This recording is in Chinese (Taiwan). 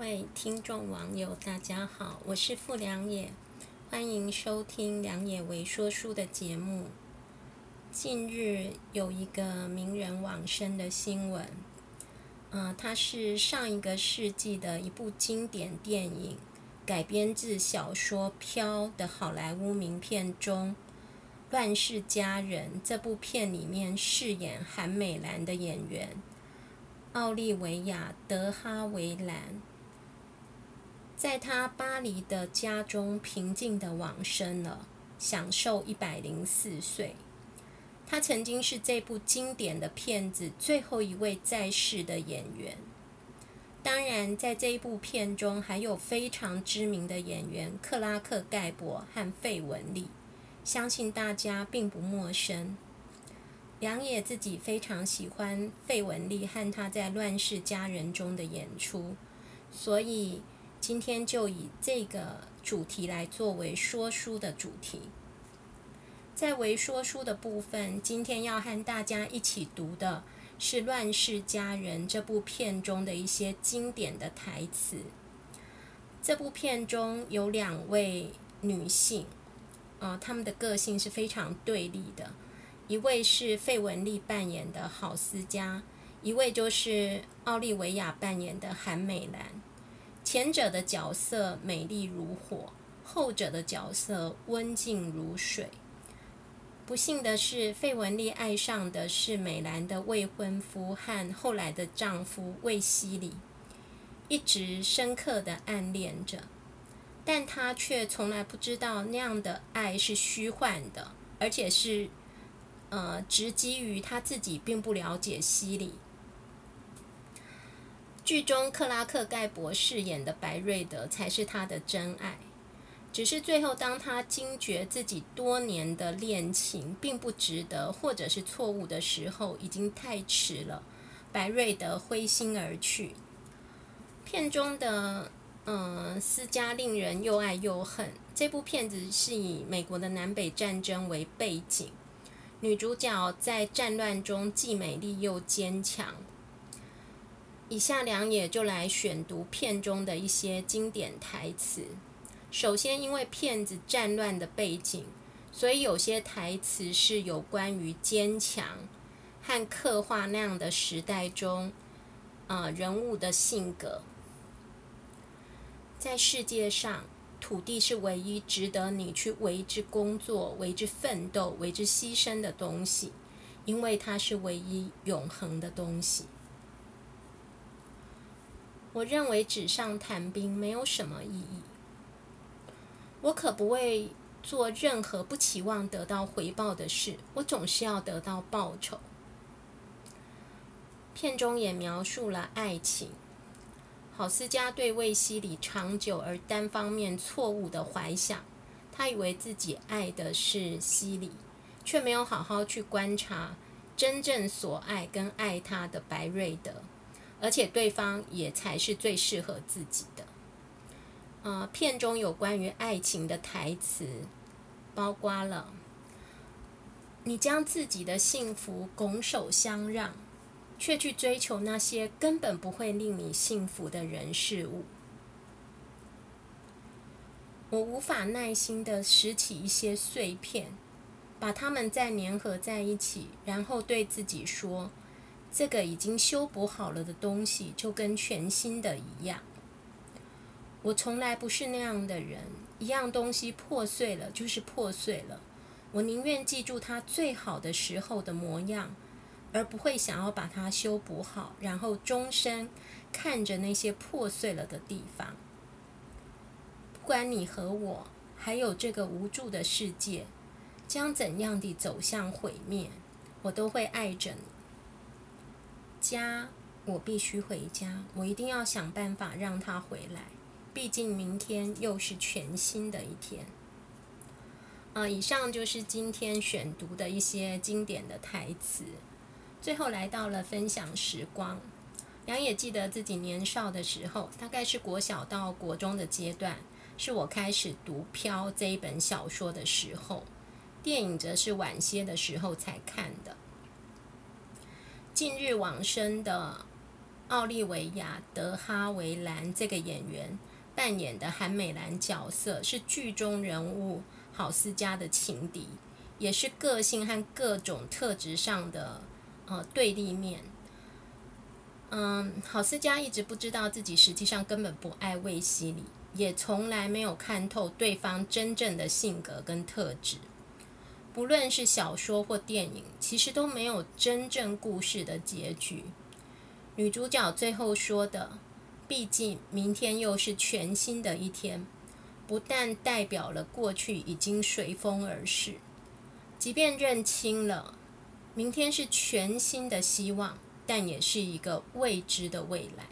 各位聽眾網友，大家好，我是傅良也，歡迎收聽《良也微說書》的節目。近日有一個名人往生的新聞，呃，它是上一個世紀的一部經典電影改編自小說《飄》的好萊塢名片中，《亂世佳人》這部片裡面飾演韓美蘭的演員奧莉薇亞德哈維蘭。在他巴黎的家中平靜地往生了，享壽一百零四歲。他曾經是這部經典的片子最後一位在世的演員。當然，在這部片中還有非常知名的演員克拉克·蓋博和費雯麗，相信大家並不陌生。良也自己非常喜歡費雯麗和她在《亂世佳人》中的演出，所以。今天就以這個主題來作為說書的主題。在微說書的部分，今天要和大家一起讀的是《亂世佳人》這部片中的一些經典的台詞。這部片中有兩位女性，呃，她們的個性是非常對立的。一位是費雯麗扮演的赫思嘉，一位就是奧利維亞扮演的韓美蘭。前者的角色美麗如火，後者的角色溫靜如水。不幸的是，費雯麗愛上的是美蘭的未婚夫和後來的丈夫衛希禮，一直深刻的暗戀着，但她卻從來不知道那樣的愛是虛幻的，而且是，呃，直基於她自己並不了解希禮。劇中克拉克蓋伯飾演的白瑞德才是他的真愛，只是最後當他驚覺自己多年的戀情並不值得，或者是錯誤的時候，已經太遲了。白瑞德灰心而去。片中的嗯、呃、思嘉令人又愛又恨。這部片子是以美國的南北戰爭為背景，女主角在戰亂中既美麗又堅強。以下良也就來選讀片中的一些經典台詞。首先，因為片子戰亂的背景，所以有些台詞是有關於堅強和刻畫那樣的時代中，啊、呃、人物的性格。在世界上，土地是唯一值得你去為之工作、為之奮鬥、為之犧牲的東西，因為它是唯一永恆的東西。我認為紙上談兵沒有什麼意義。我可不會做任何不期望得到回報的事。我總是要得到報酬。片中也描述了愛情。赫思嘉對衛希禮長久而單方面錯誤的懷想，他以為自己愛的是希禮，卻沒有好好去觀察真正所愛跟愛他的白瑞德。而且對方也才是最適合自己的。呃，片中有關於愛情的台詞，包括了你將自己的幸福拱手相讓，卻去追求那些根本不會令你幸福的人事物。我無法耐心地拾起一些碎片，把它們再粘合在一起，然後對自己說。這個已經修補好了的東西，就跟全新的一樣。我從來不是那樣的人，一樣東西破碎了就是破碎了。我寧願記住它最好的時候的模樣，而不會想要把它修補好，然後終身看着那些破碎了的地方。不管你和我，還有這個無助的世界，將怎樣的走向毀滅，我都會愛着你。家，我必須回家。我一定要想辦法讓他回來。畢竟明天又是全新的一天。呃，以上就是今天選讀的一些經典的台詞。最後來到了分享時光。良也記得自己年少的時候，大概是國小到國中的階段，是我開始讀《飄》這一本小說的時候。電影則是晚些的時候才看的。近日往生的奧利維亞·德哈維蘭這個演員扮演的韓美蘭角色，是劇中人物郝思嘉的情敵，也是個性和各種特質上的呃對立面。嗯，郝思嘉一直不知道自己實際上根本不愛衛希禮，也從來沒有看透對方真正的性格跟特質。不論是小說或電影，其實都沒有真正故事的結局。女主角最後說的：“畢竟明天又是全新的一天”，不但代表了過去已經隨風而逝，即便認清了明天是全新的希望，但也是一個未知的未來。